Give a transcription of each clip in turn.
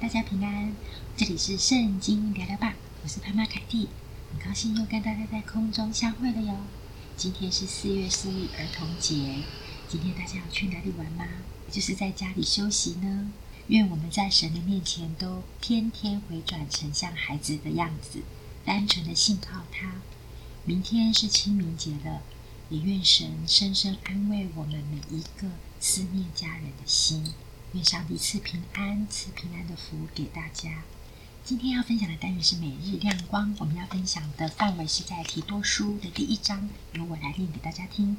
大家平安，這裡是聖經聊聊吧，我是潘媽凱蒂，很高興又跟大家在空中相會了喲。今天是四月四日兒童節，今天大家要去哪裡玩嗎？就是在家裡休息呢。願我們在神的面前都天天回轉成像孩子的樣子，單純的信靠他。明天是清明節了，也願神深深安慰我們每一個思念家人的心。願上帝賜平安，賜平安的福給大家。今天要分享的單元是每日亮光，我們要分享的範圍是在提多書的第一章，由我來念給大家聽。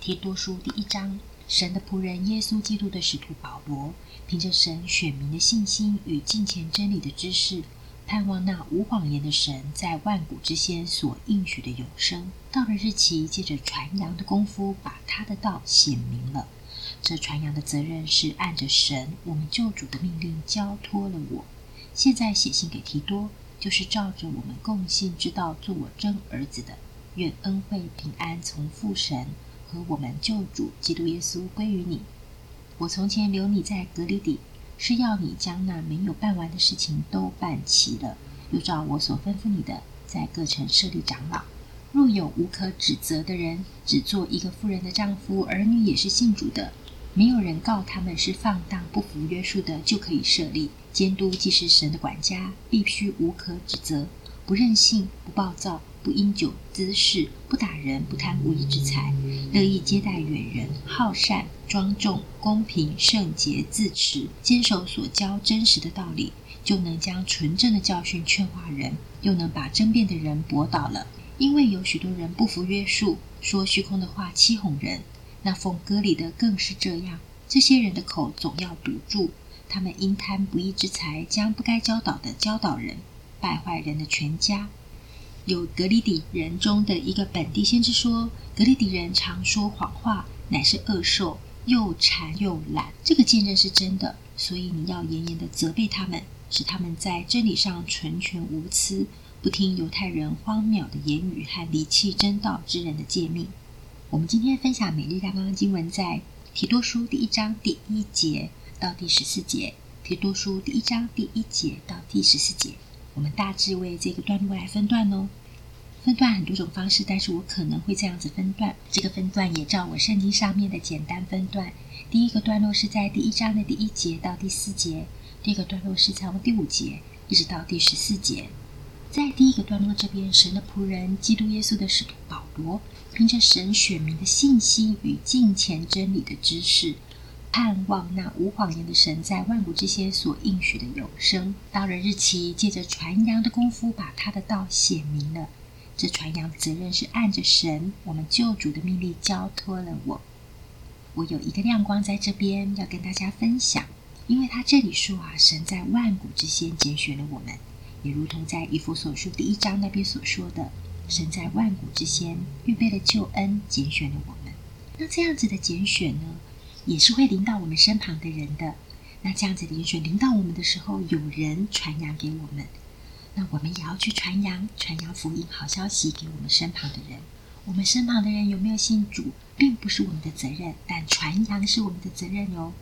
提多書第一章：神的僕人耶穌基督的使徒保羅，憑着神選民的信心與敬虔真理的知識，盼望那無謊言的神在萬古之先所應許的永生，到了日期，借着傳揚的功夫，把他的道顯明了。這傳揚的責任是按着神我們救主的命令交托了我。現在寫信給提多，就是照着我們共信之道做我真兒子的。願恩惠平安從父神和我們救主基督耶穌歸於你。我從前留你在革哩底，是要你將那沒有辦完的事情都辦齊了，又照我所吩咐你的，在各城設立長老。若有無可指責的人，只做一個婦人的丈夫，兒女也是信主的。沒有人告他們是放蕩不服約束的，就可以設立監督，既是神的管家，必須無可指責，不任性，不暴躁，不因酒滋事，不打人，不貪無義之財，樂意接待遠人，好善，莊重，公平，聖潔，自持，堅守所教真實的道理，就能將純正的教訓勸化人，又能把爭辯的人駁倒了。因為有許多人不服約束，說虛空的話，欺哄人。那奉割禮的更是這樣，這些人的口總要堵住，他們因貪不義之財，將不該教導的教導人，敗壞人的全家。有格里底人中的一個本地先知說，格里底人常說謊話，乃是惡獸，又饞又懶。這個見證是真的，所以你要嚴嚴的責備他們，使他們在真理上純全無疵，不聽猶太人荒謬的言語和離棄真道之人的誡命。我們今天分享每日亮光大綱的經文，在提多書第一章第一節到第十四節，提多書第一章第一節到第十四節，我們大致為這個段落來分段哦。分段很多種方式，但是我可能會這樣子分段。這個分段也照我聖經上面的簡單分段。第一個段落是在第一章的第一節到第四節，第二個段落是從第五節一直到第十四節。在第一個段落這邊，神的僕人基督耶穌的使徒保羅，憑着神選民的信息與敬虔真理的知識，盼望那無謊言的神在萬古之先所應許的永生，到了日期，借着傳揚的功夫，把他的道顯明了。這傳揚的責任是按着神我們救主的命令交托了我。我有一個亮光在這邊要跟大家分享，因為他這裡說啊，神在萬古之先揀選了我們。也如同在以弗所書第一章那邊所說的，神在萬古之先，預備了救恩，揀選了我們。那這樣子的揀選呢，也是會臨到我們身旁的人的。那這樣子的揀選臨到我們的時候，有人傳揚給我們，那我們也要去傳揚，傳揚福音好消息給我們身旁的人。我們身旁的人有沒有信主，並不是我們的責任，但傳揚是我們的責任哦。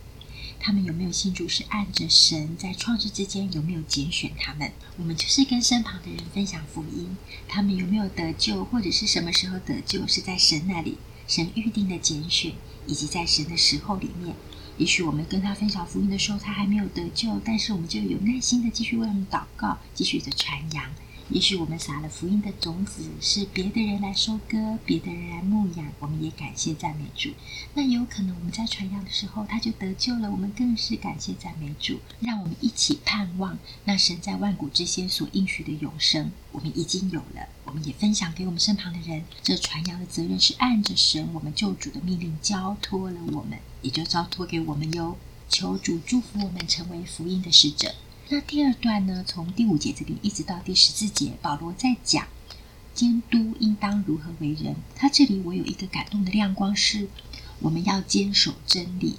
他們有沒有信主，是按着神在創世之間有沒有揀選他們？我們就是跟身旁的人分享福音，他們有沒有得救，或者是什麼時候得救，是在神那裡，神預定的揀選，以及在神的時候裡面。也許我們跟他分享福音的時候，他還沒有得救，但是我們就有耐心的繼續為我們禱告，繼續的傳揚。也許我們撒了福音的種子，是別的人來收割，別的人來牧養，我們也感謝讚美主。那有可能我們在傳揚的時候，他就得救了，我們更是感謝讚美主。讓我們一起盼望，那神在萬古之先所應許的永生，我們已經有了，我們也分享給我們身旁的人。這傳揚的責任是按着神我們救主的命令交托了我們，也就交托給我們喲。求主祝福我們成為福音的使者。那第二段呢？從第五節這裡一直到第十四節，保羅在講監督應當如何為人。他這裡我有一個感動的亮光是，是我們要堅守真理。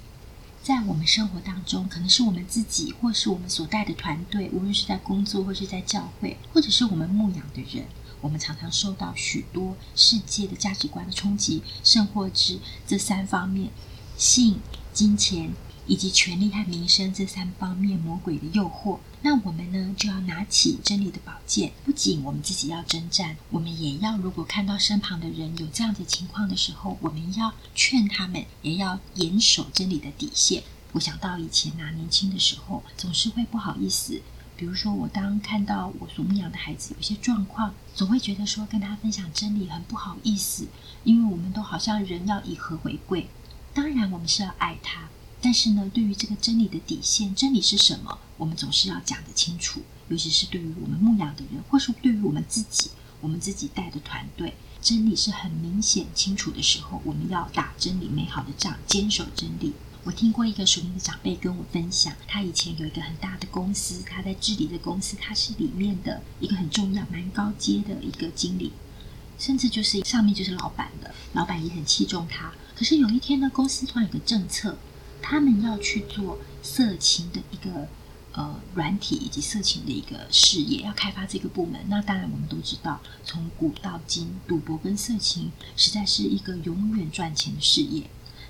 在我們生活當中，可能是我們自己，或是我們所帶的團隊，無論是在工作，或是在教會，或者是我們牧養的人，我們常常受到許多世界的價值觀的衝擊，甚或是這三方面：性、金錢。以及權力和名聲這三方面魔鬼的誘惑，那我們呢，就要拿起真理的寶劍。不僅我們自己要征戰，我們也要，如果看到身旁的人有這樣的情況的時候，我們要勸他們，也要嚴守真理的底線。我想到以前啊，年輕的時候，總是會不好意思，比如說我當看到我所牧養的孩子有些狀況，總會覺得說跟大家分享真理很不好意思，因為我們都好像人要以和為貴。當然，我們是要愛他。但是呢，對於這個真理的底線，真理是什麼，我們總是要講得清楚。尤其是對於我們牧養的人，或者說對於我們自己，我們自己帶的團隊，真理是很明顯清楚的時候，我們要打真理美好的仗，堅守真理。我聽過一個屬靈的長輩跟我分享，他以前有一個很大的公司，他在治理的公司，他是裡面的一個很重要、蠻高階的一個經理，甚至就是上面就是老闆的，老闆也很器重他。可是有一天呢，公司突然有個政策。他們要去做色情的一個呃軟體以及色情的一個事業，要開發這個部門。那當然，我們都知道，從古到今，賭博跟色情實在是一個永遠賺錢的事業。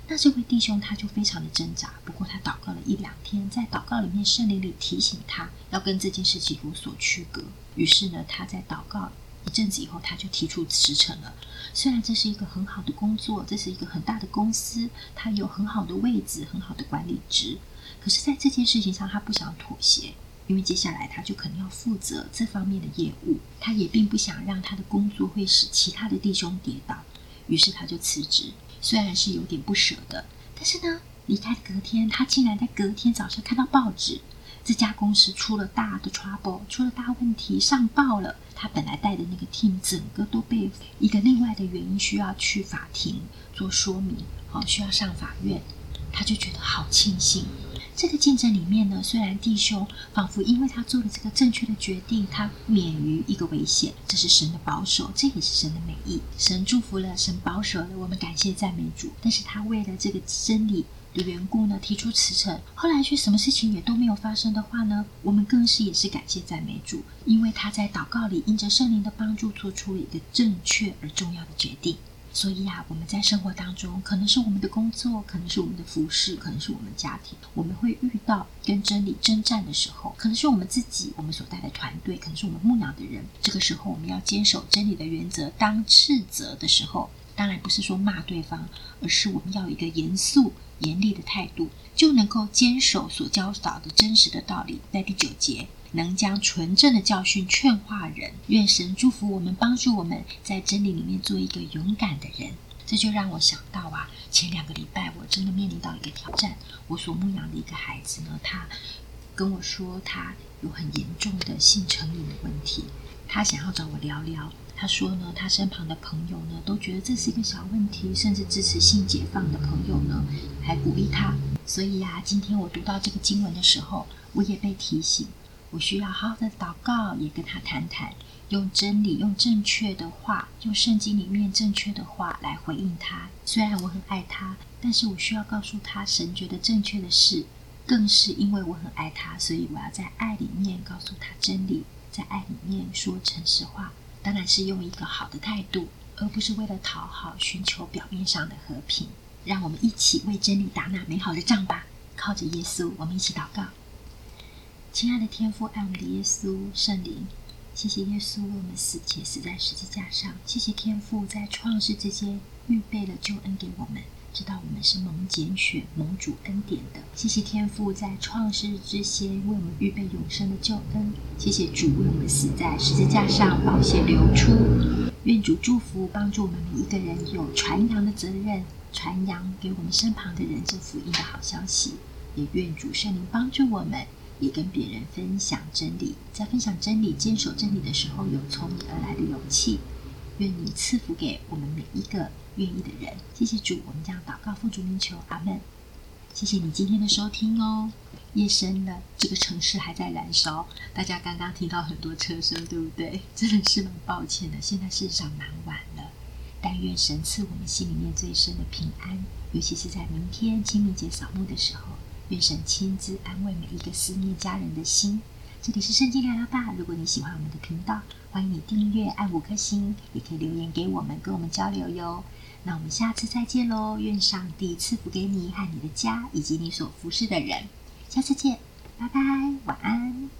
那這位弟兄他就非常的掙扎，不過他禱告了一兩天，在禱告裡面，聖靈裡提醒他要跟這件事情有所區隔。於是呢，他在禱告。一陣子以後，他就提出辭呈了。雖然這是一個很好的工作，這是一個很大的公司，他有很好的位置，很好的管理職，可是，在這件事情上，他不想妥協，因為接下來他就可能要負責這方面的業務，他也並不想讓他的工作會使其他的弟兄跌倒，於是他就辭職。雖然是有點不捨的，但是呢，離開隔天，他竟然在隔天早上看到報紙。這家公司出了大的 trouble，出了大問題，上報了。他本來帶的那個 team 整個都被一個另外的原因需要去法庭做說明，好，需要上法院。他就覺得好慶幸。這個見證裡面呢，雖然弟兄仿佛因為他做了這個正確的決定，他免於一個危險，這是神的保守，這也是神的美意。神祝福了，神保守了，我們感謝讚美主。但是他為了這個真理。的緣故呢，提出辭呈，後來卻什麼事情也都沒有發生的話呢，我們更是也是感謝讚美主，因為他在禱告裡，因着聖靈的幫助，做出了一個正確而重要的決定。所以啊，我們在生活當中，可能是我們的工作，可能是我們的服侍，可能是我們家庭，我們會遇到跟真理爭戰的時候，可能是我們自己，我們所帶的團隊，可能是我們牧養的人，這個時候我們要堅守真理的原則。當斥責的時候。當然不是說罵對方，而是我們要有一個嚴肅、嚴厲的態度，就能夠堅守所教導的真實的道理。在第九節，能將純正的教訓勸化人。願神祝福我們，幫助我們在真理裡面做一個勇敢的人。這就讓我想到啊，前兩個禮拜我真的面臨到一個挑戰。我所牧養的一個孩子呢，他跟我說他有很嚴重的性成癮的問題，他想要找我聊聊。他說呢，他身旁的朋友呢都覺得這是一個小問題，甚至支持性解放的朋友呢還鼓勵他。所以呀，今天我讀到這個經文的時候，我也被提醒，我需要好好的禱告，也跟他談談，用真理、用正確的話、用聖經裡面正確的話來回應他。雖然我很愛他，但是我需要告訴他神覺得正確的事，更是因為我很愛他，所以我要在愛裡面告訴他真理，在愛裡面說誠實話。當然是用一個好的態度，而不是為了討好、尋求表面上的和平。讓我們一起為真理打那美好的仗吧！靠着耶穌，我們一起禱告。親愛的天父，愛我們的耶穌，聖靈，謝謝耶穌為我們死且死在十字架上，謝謝天父在創世之間預備了救恩給我們。知道我們是蒙揀選、蒙主恩典的。謝謝天父在創世之先為我們預備永生的救恩。謝謝主為我們死在十字架上，寶血流出。願主祝福，幫助我們每一個人有傳揚的責任，傳揚給我們身旁的人這福音的好消息。也願主聖靈幫助我們，也跟別人分享真理。在分享真理、堅守真理的時候，有從你而來的勇氣。願你賜福給我們每一個。願意的人，謝謝主，我們這樣禱告，奉主名求，阿門。謝謝你今天的收聽哦。夜深了，這個城市還在燃燒。大家剛剛聽到很多車聲，對不對？真的是蠻抱歉的。現在事實上蠻晚了，但願神賜我們心裡面最深的平安，尤其是在明天清明節掃墓的時候，願神親自安慰每一個思念家人的心。這裡是聖經聊聊吧。如果你喜歡我們的頻道，歡迎你訂閱，按五顆星，也可以留言給我們，跟我們交流喲。那我們下次再見嘍！願上帝賜福給你和你的家，以及你所服侍的人。下次見，拜拜，晚安。